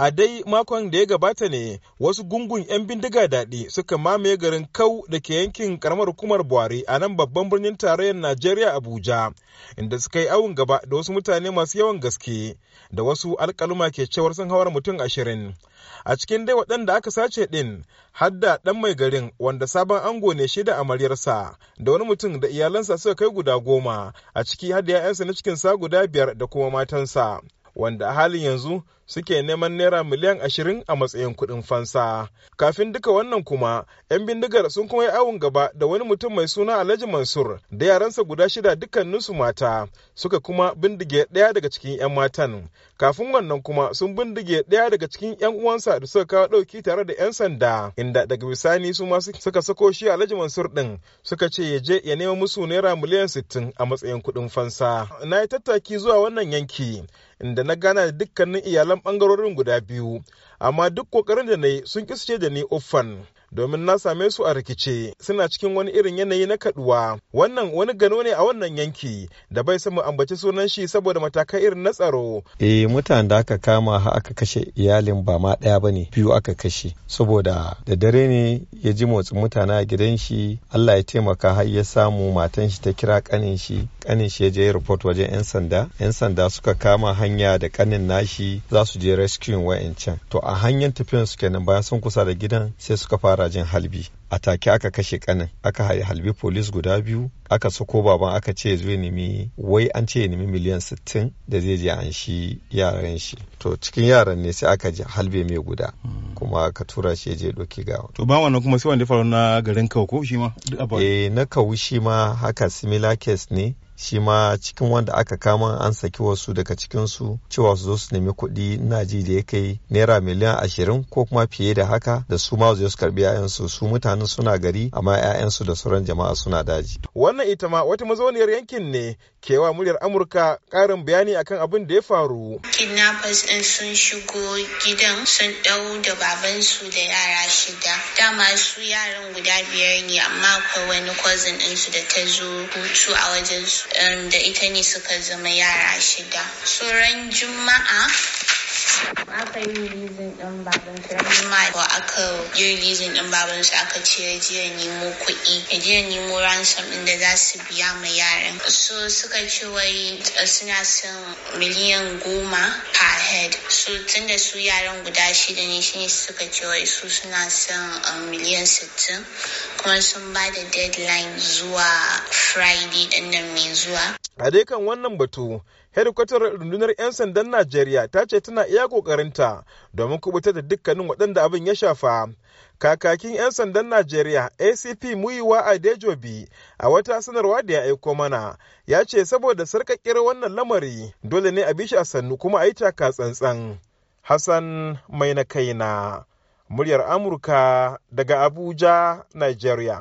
A dai makon da ya gabata ne wasu gungun 'yan bindiga daɗi suka mamaye garin Kau da ke yankin karamar hukumar Buhari a nan babban birnin tarayyar Najeriya Abuja, inda suka yi awon gaba da wasu mutane masu yawan gaske da wasu alkaluma ke cewar sun hawar mutum ashirin. A cikin dai waɗanda aka sace ɗin, hadda ɗan mai garin wanda sabon ango ne shi da amaryarsa da wani mutum da iyalansa suka kai guda goma a ciki hadda 'ya'yansa na cikin sa guda biyar da kuma matansa. wanda a halin yanzu suke neman naira miliyan ashirin a matsayin kuɗin fansa kafin duka wannan kuma 'yan bindigar sun kuma yi awon gaba da wani mutum mai suna alhaji mansur da yaransa guda shida dukkaninsu mata suka kuma bindige ɗaya daga cikin 'yan matan kafin wannan kuma sun bindige ɗaya daga cikin 'yan uwansa da suka kawo ɗauki tare da 'yan sanda inda daga bisani su ma suka sako shi laji mansur ɗin suka ce ya je ya nemo musu naira miliyan sittin a matsayin kuɗin fansa na yi tattaki zuwa wannan yanki inda na gana da dukkanin iyalan ɓangarorin guda biyu amma duk ƙoƙarin da na yi sun kisce da ni uffan domin na same su a rikice suna cikin wani irin yanayi na kaduwa wannan wani gano ne a wannan yanki da bai samu ambaci sunan shi saboda matakai irin na tsaro eh mutane da aka kama ha aka kashe iyalin ba ma daya bane biyu aka kashe saboda da dare ne ya ji motsin mutane a gidan shi Allah ya taimaka har ya samu matan shi ta kira kanin shi kanin shi ya je report wajen yan sanda yan sanda suka kama hanya da kanin nashi za su je rescuing wa'ancan to a hanyar tafiyan su kenan bayan sun kusa da gidan sai suka fara harajin halbi a take aka kashe kanin aka haye halbi polis guda biyu aka sako baban aka ce zai nemi wai an ce ya nemi miliyan 60 da zai je an shi yaran shi to cikin yaran ne sai aka ji halbe mai guda hmm. kuma ka tura shi je doki ga to ba wannan kuma sai wanda ya faru na garin kawo ko shi ma eh na kawo shi ma haka similar case ne shi ma cikin wanda aka kama an saki wasu daga cikinsu cewa su zo su nemi kuɗi na ji da ya kai naira miliyan ashirin ko kuma fiye da haka da su ma su karbi 'ya'yansu su mutanen suna gari amma 'ya'yansu da sauran jama'a suna daji. wannan ita ma wata mazauniyar yankin ne kewa muryar amurka karin bayani akan abin da ya faru. kidnappers ɗin sun shigo gidan sun ɗau da babansu da yara shida dama su yaran guda biyar ne amma akwai wani cousin ɗinsu da ta zo hutu a wajen su Um, da ita ne suka zama yara shida. Tsoron juma'a aka yi rizin din baban shi aka yi rizin din baban aka ce jiya ya nemo kuɗi ya ya nemo ransom ɗin da za su biya ma yaran so suka ce wai suna son miliyan goma per head so da su yaran guda shida ne shine suka ce wai su suna son miliyan sittin kuma sun ba da deadline zuwa friday din nan mai zuwa a dai kan wannan batu hedikwatar rundunar 'yan sandan najeriya ta ce tana iya kokarinta domin kubutar da dukkanin waɗanda abin ya shafa kakakin 'yan sandan najeriya acp muyiwa a dejobi a wata sanarwa da ya aiko mana ya ce saboda sarkakiyar wannan lamari dole ne a bishi a sannu kuma a yi taka tsantsan hassan mai na kaina muryar amurka daga abuja nigeria